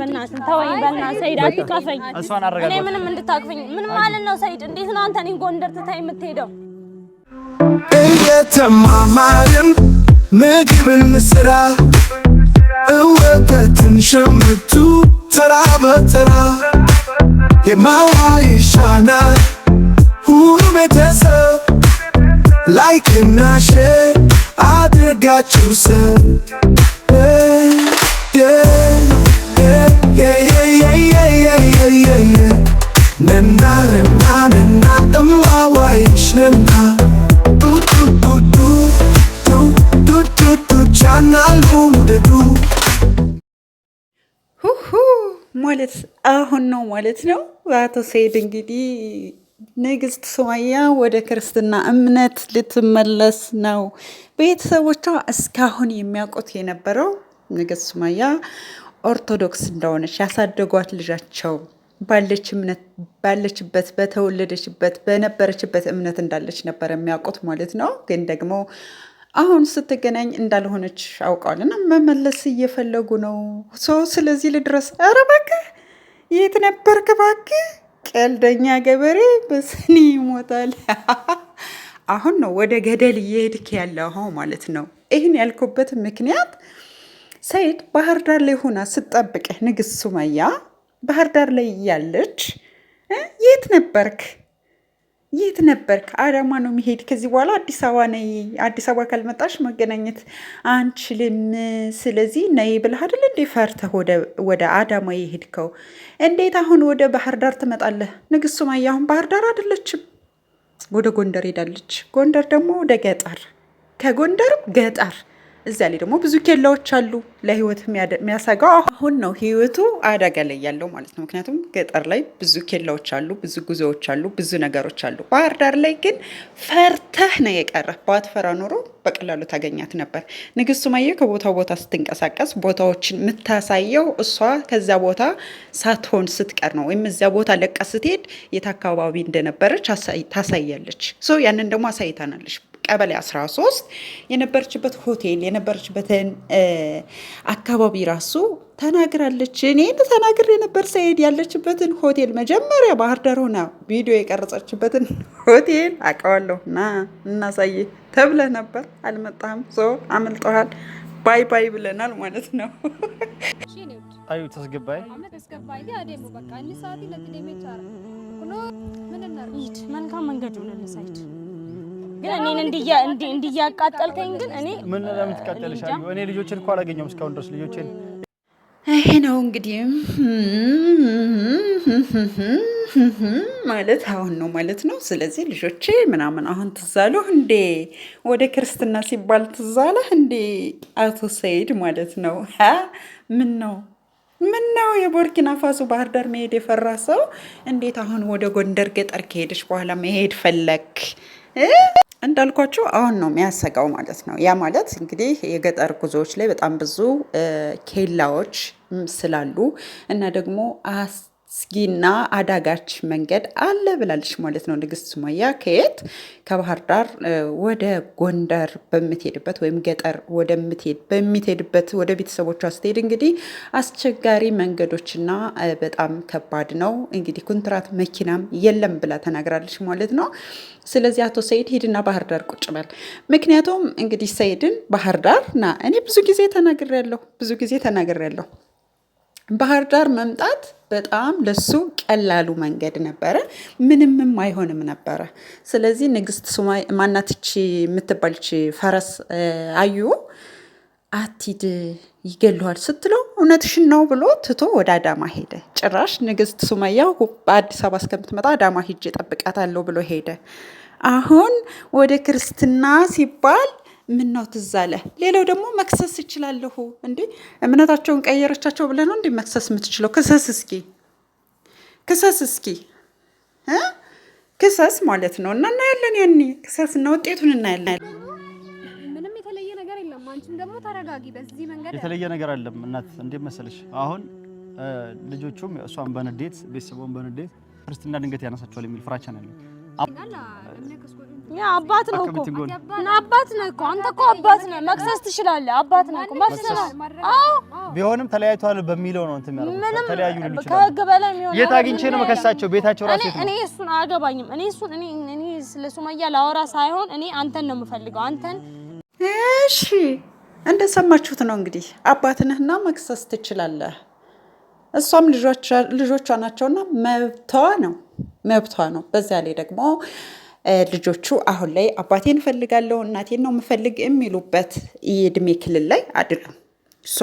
በእናትህ ተወኝ፣ በእናትህ ሰይድ አትቀፈኝ። እኔ ምንም እንድታቅፈኝ ምን ማለት ነው? ሰይድ እንዴት ነው አንተ እኔን ጎንደር ትታይ የምትሄደው? እየተማማርን ምግብን ስራ እወተትን ሸምቱ ተራ በተራ የማዋ ይሻናል ሁሉ ቤተሰብ ላይክ እና ሼር አድርጋችሁ ሰብ ማለት አሁን ነው ማለት ነው። አቶ ሰኢድ እንግዲህ ንግስት ሱመያ ወደ ክርስትና እምነት ልትመለስ ነው። ቤተሰቦቿ እስካሁን የሚያውቁት የነበረው ንግስት ሱመያ ኦርቶዶክስ እንደሆነች ያሳደጓት ልጃቸው ባለችበት በተወለደችበት በነበረችበት እምነት እንዳለች ነበር የሚያውቁት ማለት ነው። ግን ደግሞ አሁን ስትገናኝ እንዳልሆነች አውቀዋል እና መመለስ እየፈለጉ ነው። ሰው ስለዚህ ልድረስ። ኧረ እባክህ የት ነበርክ? እባክህ ቀልደኛ ገበሬ በስኒ ይሞታል። አሁን ነው ወደ ገደል እየሄድክ ያለው ማለት ነው። ይህን ያልኩበት ምክንያት ሰይድ ባህር ዳር ላይ ሆና ስጠብቅህ ንግስት ሱመያ ባህር ዳር ላይ እያለች የት ነበርክ? የት ነበርክ? አዳማ ነው የሚሄድ። ከዚህ በኋላ አዲስ አበባ ነይ፣ አዲስ አበባ ካልመጣሽ መገናኘት አንችልም። ስለዚህ ነይ ብለህ አይደል እንዴ ፈርተህ ወደ አዳማ የሄድከው? እንዴት አሁን ወደ ባህር ዳር ትመጣለህ? ንግስት ሱመያ አሁን ባህር ዳር አይደለችም፣ ወደ ጎንደር ሄዳለች። ጎንደር ደግሞ ወደ ገጠር፣ ከጎንደርም ገጠር እዚያ ላይ ደግሞ ብዙ ኬላዎች አሉ። ለህይወት የሚያሰጋው አሁን ነው ህይወቱ አደጋ ላይ ያለው ማለት ነው። ምክንያቱም ገጠር ላይ ብዙ ኬላዎች አሉ፣ ብዙ ጉዞዎች አሉ፣ ብዙ ነገሮች አሉ። ባህር ዳር ላይ ግን ፈርተህ ነው የቀረ። ባትፈራ ኖሮ በቀላሉ ታገኛት ነበር። ንግስት ሱመያ ከቦታ ቦታ ስትንቀሳቀስ ቦታዎችን የምታሳየው እሷ ከዚያ ቦታ ሳትሆን ስትቀር ነው። ወይም እዚያ ቦታ ለቃ ስትሄድ የት አካባቢ እንደነበረች ታሳያለች። ያንን ደግሞ አሳይታናለች። ቀበሌ 13 የነበረችበት ሆቴል የነበረችበትን አካባቢ ራሱ ተናግራለች። እኔ ተናግር የነበር ሰኢድ ያለችበትን ሆቴል መጀመሪያ ባህር ዳር ሆና ቪዲዮ የቀረጸችበትን ሆቴል አውቀዋለሁ፣ ና እናሳይ ተብለ ነበር አልመጣም። ሶ አመልጠዋል። ባይ ባይ ብለናል ማለት ነው። አዩ ተስገባይ መልካም መንገድ ሆነ ሳይድ ግን እኔን እንዲያቃጠልከኝ ግን እኔ ምን ለምትቃጠልሻለሁ? እኔ ልጆችን እኮ አላገኘሁም እስካሁን ድረስ ልጆችን። ይሄ ነው እንግዲህ ማለት አሁን ነው ማለት ነው። ስለዚህ ልጆቼ ምናምን አሁን ትዝ እንዴ? ወደ ክርስትና ሲባል ትዝ አለህ እንዴ? አቶ ሰይድ ማለት ነው። ምን ነው ምን ነው የቦርኪና ፋሶ ባህር ዳር መሄድ የፈራ ሰው እንዴት አሁን ወደ ጎንደር ገጠር ከሄደች በኋላ መሄድ ፈለክ? እንዳልኳችሁ አሁን ነው የሚያሰጋው ማለት ነው። ያ ማለት እንግዲህ የገጠር ጉዞዎች ላይ በጣም ብዙ ኬላዎች ስላሉ እና ደግሞ ስጊና አዳጋች መንገድ አለ ብላለች ማለት ነው ንግስት ሱመያ። ከየት ከባህር ዳር ወደ ጎንደር በምትሄድበት ወይም ገጠር ወደምትሄድ በምትሄድበት ወደ ቤተሰቦቿ ስትሄድ እንግዲህ አስቸጋሪ መንገዶችና በጣም ከባድ ነው እንግዲህ ኩንትራት መኪናም የለም ብላ ተናግራለች ማለት ነው። ስለዚህ አቶ ሰይድ ሂድና ባህር ዳር ቁጭ በል። ምክንያቱም እንግዲህ ሰይድን ባህር ዳር ና እኔ ብዙ ጊዜ ተናግሬያለሁ፣ ብዙ ጊዜ ተናግሬያለሁ ባህር ዳር መምጣት በጣም ለሱ ቀላሉ መንገድ ነበረ። ምንምም አይሆንም ነበረ። ስለዚህ ንግስት ሱማይ ማናትች የምትባልች ፈረስ አዩ አቲድ ይገለዋል ስትለው እውነትሽን ነው ብሎ ትቶ ወደ አዳማ ሄደ። ጭራሽ ንግስት ሱመያ በአዲስ አበባ እስከምትመጣ አዳማ ሂጅ ጠብቃታለሁ ብሎ ሄደ። አሁን ወደ ክርስትና ሲባል ምነው ትዝ አለ። ሌላው ደግሞ መክሰስ ይችላለሁ እንዴ? እምነታቸውን ቀየረቻቸው ብለህ ነው እንዴ መክሰስ የምትችለው? ክሰስ እስኪ ክሰስ እስኪ ክሰስ ማለት ነው። እና እናያለን፣ ያኔ ክሰስ እና ውጤቱን እናያለን። ምንም የተለየ ነገር የለም። አንቺም ደግሞ ተረጋጊ። በዚህ መንገድ የተለየ ነገር አለም። እናት እንዴት መሰለሽ አሁን ልጆቹም እሷን በንዴት ቤተሰቡን በንዴት ክርስትና ድንገት ያነሳቸዋል የሚል ፍራቻ ነው ያለኝ አባት ነው እኮ አባት እኮ አንተ እኮ አባት መክሰስ ትችላለህ። አባት እኮ መክሰስ። አዎ ቢሆንም ተለያይቷል በሚለው ነው እንትን ተለያዩ ከህግ በላይ የት አግኝቼ ነው መከሳቸው? ቤታቸው ራሱ እኔ እሱን አያገባኝም። እኔ እሱን እኔ እኔ ስለ ሱመያ ላወራ ሳይሆን እኔ አንተን ነው የምፈልገው አንተን። እሺ እንደሰማችሁት ነው እንግዲህ አባት ነህና መክሰስ ትችላለህ። እሷም ልጆቿ ናቸውና መብቷ ነው። መብቷ ነው። በዚያ ላይ ደግሞ ልጆቹ አሁን ላይ አባቴን እፈልጋለሁ እናቴን ነው የምፈልግ የሚሉበት የእድሜ ክልል ላይ አይደሉም። ሶ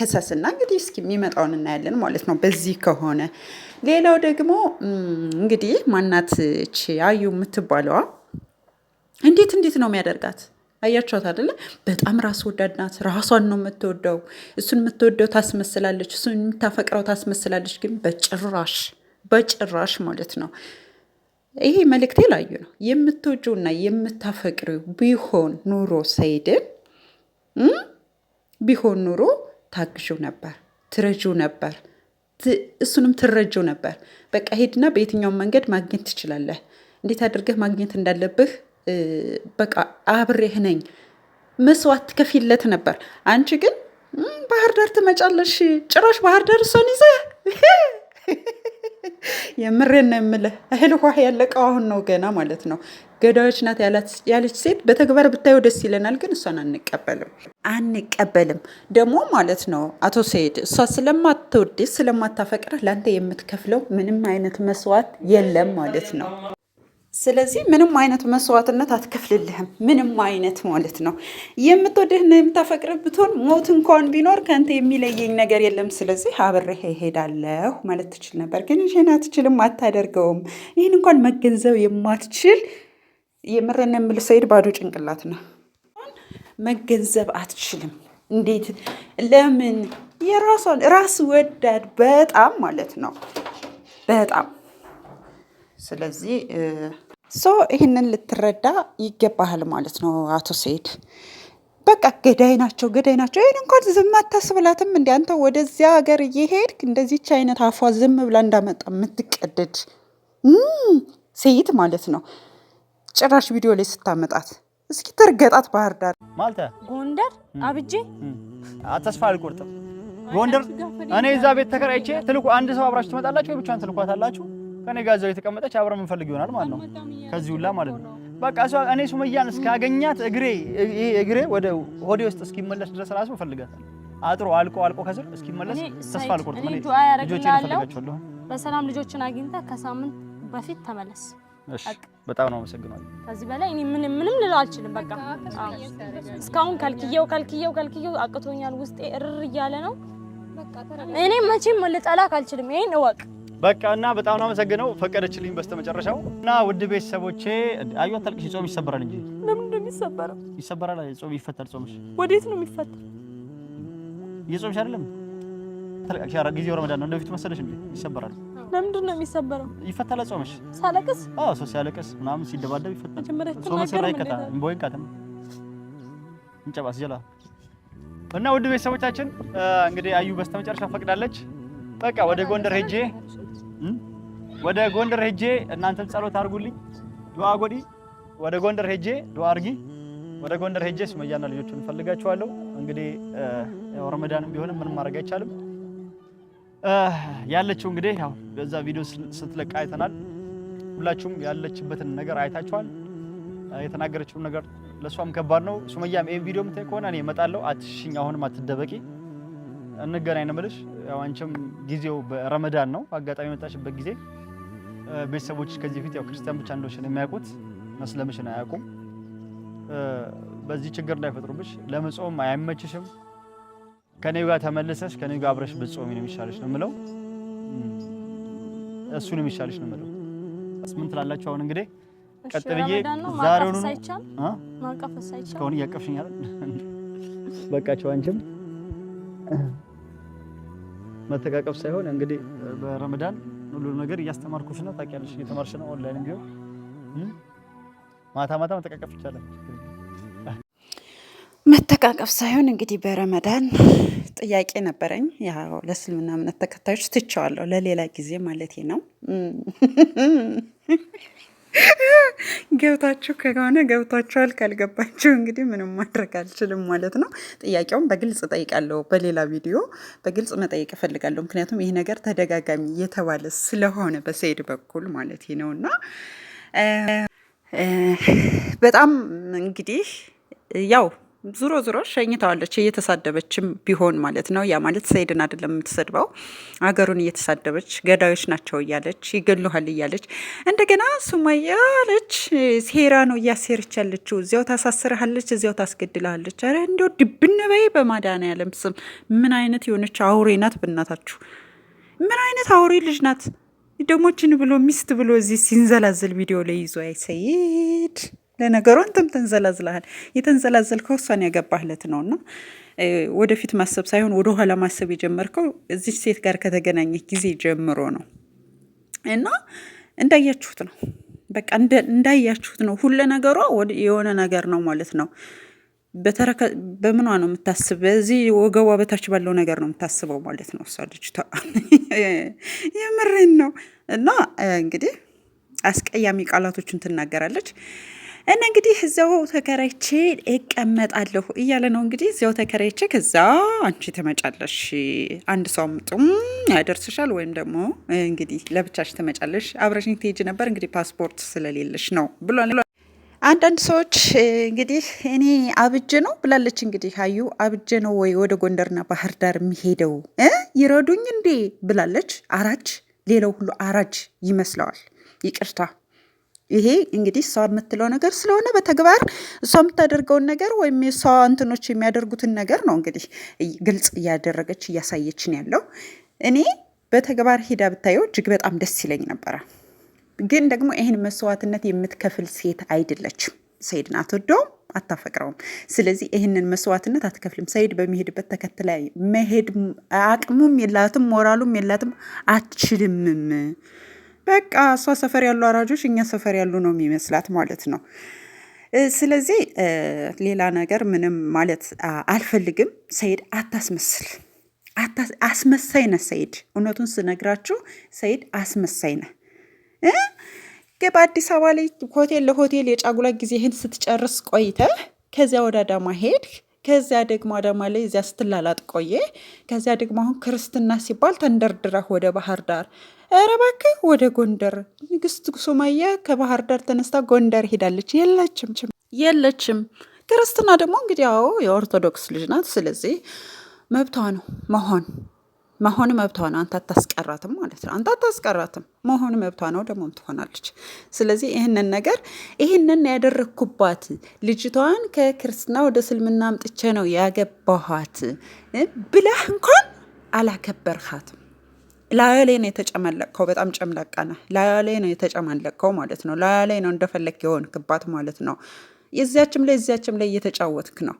ከሰስና እንግዲህ እስኪ የሚመጣውን እናያለን ማለት ነው። በዚህ ከሆነ ሌላው ደግሞ እንግዲህ ማናት አዩ የምትባለዋ እንዴት እንዴት ነው የሚያደርጋት አያቸዋት አደለ በጣም ራስ ወዳድ ናት። ራሷን ነው የምትወደው። እሱን የምትወደው ታስመስላለች፣ እሱን የምታፈቅረው ታስመስላለች። ግን በጭራሽ በጭራሽ ማለት ነው። ይሄ መልእክቴ ላዩ ነው። የምትወጂውና የምታፈቅሪው ቢሆን ኑሮ ሰይድን ቢሆን ኑሮ ታግዢው ነበር፣ ትረጂው ነበር፣ እሱንም ትረጂው ነበር። በቃ ሄድና በየትኛውም መንገድ ማግኘት ትችላለህ። እንዴት አድርገህ ማግኘት እንዳለብህ በቃ አብሬህ ነኝ። መስዋዕት ከፊለት ነበር። አንቺ ግን ባህር ዳር ትመጫለሽ። ጭራሽ ባህር ዳር እሷን ይዘህ የምሬን ነው የምልህ። እህል ውሃ ያለቀው አሁን ነው ገና ማለት ነው። ገዳዮች ናት ያለች ሴት በተግባር ብታየው ደስ ይለናል፣ ግን እሷን አንቀበልም አንቀበልም። ደግሞ ማለት ነው አቶ ሰይድ እሷ ስለማትወድ ስለማታፈቅር ለአንተ የምትከፍለው ምንም አይነት መስዋዕት የለም ማለት ነው። ስለዚህ ምንም አይነት መስዋዕትነት አትከፍልልህም። ምንም አይነት ማለት ነው። የምትወድህና የምታፈቅርህ ብትሆን ሞት እንኳን ቢኖር ከንተ የሚለየኝ ነገር የለም፣ ስለዚህ አብሬህ እሄዳለሁ ማለት ትችል ነበር። ግን ይህን አትችልም፣ አታደርገውም። ይህን እንኳን መገንዘብ የማትችል የምረን የምል ሰይድ ባዶ ጭንቅላት ነው። መገንዘብ አትችልም። እንዴት ለምን የራሷን ራስ ወዳድ በጣም ማለት ነው በጣም ስለዚህ ሶ ይህንን ልትረዳ ይገባሃል ማለት ነው አቶ ሴድ በቃ ገዳይ ናቸው፣ ገዳይ ናቸው። ይህን እንኳን ዝም አታስብላትም። እንደ አንተ ወደዚያ ሀገር እየሄድክ እንደዚች አይነት አፏ ዝም ብላ እንዳመጣ የምትቀደድ ሴት ማለት ነው። ጭራሽ ቪዲዮ ላይ ስታመጣት እስኪ ትርገጣት። ባህር ዳር ማልተ፣ ጎንደር አብጄ ተስፋ አልቆርጥም። ጎንደር እኔ እዛ ቤት ተከራይቼ ትልቁ አንድ ሰው አብራችሁ ትመጣላችሁ ወይ ብቻን ትልኳታላችሁ? ከኔ ጋር እዛው የተቀመጠች አብረን የምንፈልግ ይሆናል ማለት ነው። ከዚህ ሁላ ማለት ነው። በቃ እሷ እኔ ሱመያን እስካገኛት እግሬ ይሄ እግሬ ወደ ሆዴ ውስጥ እስኪመለስ ድረስ ራሱ እፈልጋታለሁ። አጥሮ አልቆ አልቆ ከስር እስኪመለስ ተስፋ አልቆርጥም። እኔ ልጆቼን እፈልጋቸዋለሁ። በሰላም ልጆችን አግኝታ ከሳምንት በፊት ተመለስ። እሺ፣ በጣም ነው አመሰግናለሁ። ከዚህ በላይ እኔ ምን ምንም ልለው አልችልም። በቃ እስካሁን ከልክየው ከልክየው ከልክየው አቅቶኛል። ውስጤ እርር እያለ ነው። እኔ መቼም ልጠላክ አልችልም። ይሄን እወቅ። በቃ እና በጣም ነው አመሰግነው፣ ፈቀደችልኝ በስተመጨረሻው። እና ውድ ቤተሰቦቼ አዩ አታልቅሽ፣ ጾም ይሰበራል እንጂ ለምን ነው የሚሰበረው? ይሰበራል፣ ጾም ይፈታል። ጾምሽ ወዴት ነው የሚፈታ? የጾምሽ አይደለም? ተለቃሽ፣ ኧረ ጊዜው ረመዳን ነው። እንደፊት መሰለሽ እንዴ? ይሰበራል። ለምንድን ነው የሚሰበረው? ይፈታል። ጾምሽ ሳለቅስ፣ አዎ ሰው ሲያለቅስ ምናምን ሲደባደብ ይፈታል። ጾም ሲራ ይቀጣ እንቦይን ቃተም እንጨባስ ጀላ እና ውድ ቤተሰቦቻችን እንግዲህ አዩ በስተመጨረሻ ፈቅዳለች። በቃ ወደ ጎንደር ሄጄ ወደ ጎንደር ሄጄ እናንተም ጸሎት አድርጉልኝ፣ ዱዓ ጎዲ። ወደ ጎንደር ሄጄ ዱዓ አድርጊ። ወደ ጎንደር ሄጄ ሱመያና ልጆቹን እንፈልጋቸዋለሁ። እንግዲህ ረመዳንም ቢሆንም ምንም ማድረግ አይቻልም። ያለችው እንግዲህ ያው በዛ ቪዲዮ ስትለቅ አይተናል። ሁላችሁም ያለችበትን ነገር አይታችኋል። የተናገረችውን ነገር ለእሷም ከባድ ነው። ሱመያም ይህ ቪዲዮ ምታይ ከሆነ እኔ እመጣለሁ። አትሽኝ፣ አሁንም አትደበቂ። እንገናኝ ነው የምልሽ። ያው አንቺም ጊዜው በረመዳን ነው አጋጣሚ የመጣሽበት ጊዜ ቤተሰቦች ከዚህ በፊት ያው ክርስቲያን ብቻ እንደሆነ የሚያውቁት መስለምሽን አያውቁም። በዚህ ችግር እንዳይፈጥሩብሽ ለመጾም አይመችሽም። ከኔ ጋር ተመልሰሽ ከኔ ጋር አብረሽ ብትጾሚ ነው የሚሻልሽ ነው የምለው። እሱ ነው የሚሻልሽ ነው የምለው። ምን ትላላችሁ? አሁን እንግዲህ ቀጥ ብዬ ዛሬውኑ ከሆነ እያቀፍሽኛል። በቃቸው አንቺም መተቃቀፍ ሳይሆን እንግዲህ በረመዳን ሁሉ ነገር እያስተማርኩሽ ነው፣ ታውቂያለሽ፣ እየተማርሽ ነው። ኦንላይን ቢሆን ማታ ማታ መተቃቀፍ ይቻላል። መተቃቀፍ ሳይሆን እንግዲህ በረመዳን ጥያቄ ነበረኝ። ያው ለእስልምና እምነት ተከታዮች ትቸዋለሁ፣ ለሌላ ጊዜ ማለት ነው። ገብታችሁ ከሆነ ገብቷችኋል፣ ካልገባችሁ እንግዲህ ምንም ማድረግ አልችልም ማለት ነው። ጥያቄውም በግልጽ ጠይቃለሁ፣ በሌላ ቪዲዮ በግልጽ መጠየቅ እፈልጋለሁ። ምክንያቱም ይህ ነገር ተደጋጋሚ እየተባለ ስለሆነ በሰኢድ በኩል ማለት እና በጣም እንግዲህ ያው ዙሮ ዙሮ ሸኝተዋለች፣ እየተሳደበችም ቢሆን ማለት ነው። ያ ማለት ሰይድን አይደለም የምትሰድበው፣ አገሩን እየተሳደበች ገዳዮች ናቸው እያለች ይገሉሃል እያለች እንደገና ሱማያ አለች ሴራ ነው እያሴረች ያለችው። እዚያው ታሳስርሃለች፣ እዚያው ታስገድልሃለች። ኧረ እንዲ ድብን በይ በመድኃኒዓለም ስም። ምን አይነት የሆነች አውሬ ናት? ብናታችሁ ምን አይነት አውሬ ልጅ ናት? ደሞችን ብሎ ሚስት ብሎ እዚህ ሲንዘላዘል ቪዲዮ ላይ ይዞ አይሰይድ ለነገሩ አንተም ተንዘላዝለሃል። የተንዘላዘልከው እሷን ያገባህለት ነው እና ወደፊት ማሰብ ሳይሆን ወደኋላ ማሰብ የጀመርከው እዚች ሴት ጋር ከተገናኘ ጊዜ ጀምሮ ነው እና እንዳያችሁት ነው በቃ እንዳያችሁት ነው። ሁለ ነገሯ የሆነ ነገር ነው ማለት ነው። በተረከ በምኗ ነው የምታስብ? በዚህ ወገቧ በታች ባለው ነገር ነው የምታስበው ማለት ነው። እሷ ልጅቷ የምሬን ነው። እና እንግዲህ አስቀያሚ ቃላቶችን ትናገራለች። እና እንግዲህ እዚያው ተከራይቼ እቀመጣለሁ እያለ ነው እንግዲህ እዚያው ተከራይቼ፣ ከዛ አንቺ ትመጫለሽ፣ አንድ ሰውም ጥም ያደርስሻል፣ ወይም ደግሞ እንግዲህ ለብቻሽ ትመጫለሽ። አብረሽኝ ትሄጂ ነበር እንግዲህ ፓስፖርት ስለሌለሽ ነው ብሏል። አንዳንድ ሰዎች እንግዲህ እኔ አብጀ ነው ብላለች። እንግዲህ አዩ አብጀ ነው ወይ ወደ ጎንደርና ባህር ዳር የሚሄደው ይረዱኝ እንዴ ብላለች። አራጅ ሌላው ሁሉ አራጅ ይመስለዋል። ይቅርታ ይሄ እንግዲህ እሷ የምትለው ነገር ስለሆነ በተግባር እሷ የምታደርገውን ነገር ወይም የሷ እንትኖች የሚያደርጉትን ነገር ነው እንግዲህ ግልጽ እያደረገች እያሳየችን ያለው። እኔ በተግባር ሄዳ ብታየው እጅግ በጣም ደስ ይለኝ ነበረ። ግን ደግሞ ይህን መስዋዕትነት የምትከፍል ሴት አይደለችም። ሰይድን አትወደውም፣ አታፈቅረውም። ስለዚህ ይህንን መስዋዕትነት አትከፍልም። ሰይድ በሚሄድበት ተከትላ መሄድ አቅሙም የላትም፣ ሞራሉም የላትም፣ አትችልምም። በቃ እሷ ሰፈር ያሉ አራጆች እኛ ሰፈር ያሉ ነው የሚመስላት ማለት ነው። ስለዚህ ሌላ ነገር ምንም ማለት አልፈልግም። ሰይድ አታስመስል። አስመሳይ ነህ ሰይድ። እውነቱን ስነግራችሁ ሰይድ አስመሳይ ነህ። በአዲስ አበባ ላይ ሆቴል ለሆቴል የጫጉላ ጊዜህን ስትጨርስ ቆይተህ ከዚያ ወደ አዳማ ሄድ ከዚያ ደግሞ አዳማ ላይ እዚያ ስትላላጥ ቆየ። ከዚያ ደግሞ አሁን ክርስትና ሲባል ተንደርድረህ ወደ ባህር ዳር ኧረ እባክህ ወደ ጎንደር። ንግስት ሱመያ ከባህር ዳር ተነስታ ጎንደር ሄዳለች። የለችም የለችም። ክርስትና ደግሞ እንግዲህ ያው የኦርቶዶክስ ልጅ ናት። ስለዚህ መብቷ ነው መሆን መሆን መብቷ ነው። አንተ አታስቀራትም ማለት ነው። አንተ አታስቀራትም መሆን መብቷ ነው፣ ደግሞም ትሆናለች። ስለዚህ ይህንን ነገር ይህንን ያደረግኩባት ልጅቷን ከክርስትና ወደ እስልምና አምጥቼ ነው ያገባኋት ብለህ እንኳን አላከበርካትም። ላያሌ ነው የተጨመለቅከው። በጣም ጨምለቃ ነ ላያሌ ነው የተጨማለቅከው ማለት ነው። ላያሌ ነው እንደፈለግ የሆንክባት ማለት ነው። የዚያችም ላይ የዚያችም ላይ እየተጫወትክ ነው።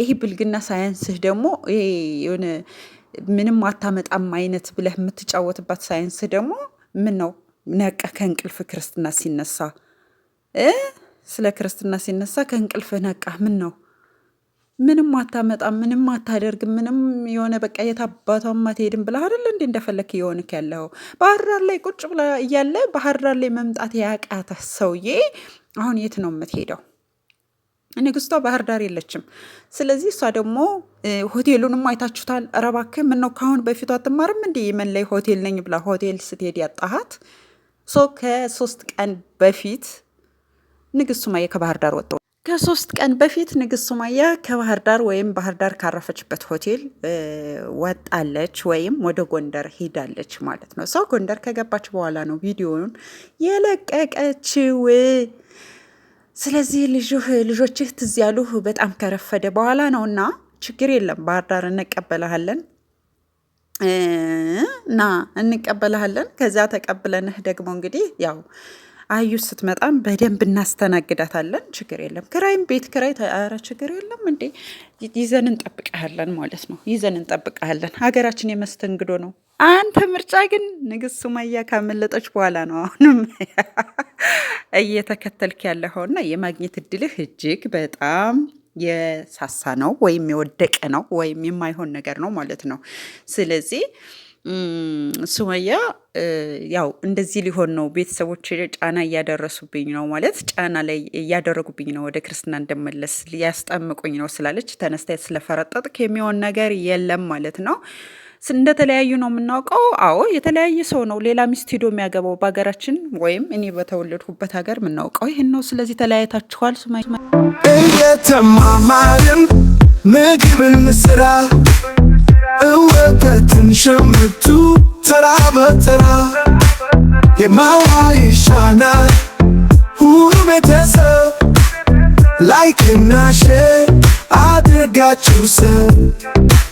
ይህ ብልግና ሳይንስህ ደግሞ የሆነ ምንም አታመጣም አይነት ብለህ የምትጫወትባት ሳይንስህ ደግሞ ምን ነው? ነቀ ከእንቅልፍ ክርስትና ሲነሳ ስለ ክርስትና ሲነሳ ከእንቅልፍህ ነቃ። ምን ነው ምንም አታመጣም፣ ምንም አታደርግም፣ ምንም የሆነ በቃ የታባቷ አትሄድም ብለህ አይደል እንዲ እንደፈለክ የሆንክ ያለው ባህር ዳር ላይ ቁጭ ብላ እያለ ባህር ዳር ላይ መምጣት ያቃተ ሰውዬ አሁን የት ነው የምትሄደው? ንግስቷ ባህር ዳር የለችም። ስለዚህ እሷ ደግሞ ሆቴሉንም አይታችሁታል። ኧረ እባክህ ምነው ከአሁን በፊቷ አትማርም እንዲ የመን ላይ ሆቴል ነኝ ብላ ሆቴል ስትሄድ ያጣሃት ሶ ከሶስት ቀን በፊት ንግስቱ ሱማዬ ከባህር ዳር ወጣ ከሶስት ቀን በፊት ንግስት ሱማያ ከባህር ዳር ወይም ባህር ዳር ካረፈችበት ሆቴል ወጣለች ወይም ወደ ጎንደር ሄዳለች ማለት ነው። ሰው ጎንደር ከገባች በኋላ ነው ቪዲዮውን የለቀቀችው። ስለዚህ ልጅህ ልጆችህ ትዝ ያሉህ በጣም ከረፈደ በኋላ ነው እና ችግር የለም ባህር ዳር እንቀበልሃለን እና እንቀበልሃለን። ከዚያ ተቀብለንህ ደግሞ እንግዲህ ያው አዩ ስትመጣም በደንብ እናስተናግዳታለን። ችግር የለም። ክራይም ቤት ክራይ ተያረ ችግር የለም እንዴ ይዘን እንጠብቀሃለን ማለት ነው። ይዘን እንጠብቀሃለን። ሀገራችን የመስተንግዶ ነው። አንተ ምርጫ ግን ንግስት ሱመያ ካመለጠች በኋላ ነው አሁንም እየተከተልክ ያለኸውና የማግኘት እድልህ እጅግ በጣም የሳሳ ነው ወይም የወደቀ ነው ወይም የማይሆን ነገር ነው ማለት ነው። ስለዚህ ሱመያ ያው እንደዚህ ሊሆን ነው፣ ቤተሰቦች ጫና እያደረሱብኝ ነው ማለት ጫና ላይ እያደረጉብኝ ነው፣ ወደ ክርስትና እንደመለስ ሊያስጠምቁኝ ነው ስላለች ተነስታ ስለፈረጠጥክ የሚሆን ነገር የለም ማለት ነው። እንደተለያዩ ነው የምናውቀው። አዎ የተለያየ ሰው ነው ሌላ ሚስት ሂዶ የሚያገባው በሀገራችን ወይም እኔ በተወለድኩበት ሀገር የምናውቀው ይህን ነው። ስለዚህ ተለያየታችኋል። እየተማማርን ምግብን ስራ እወተትን ሸምቱ ተራ በተራ የማዋ ይሻናል ሁሉ ቤተሰብ ላይክና ሼር አድርጋችሁ ሰብ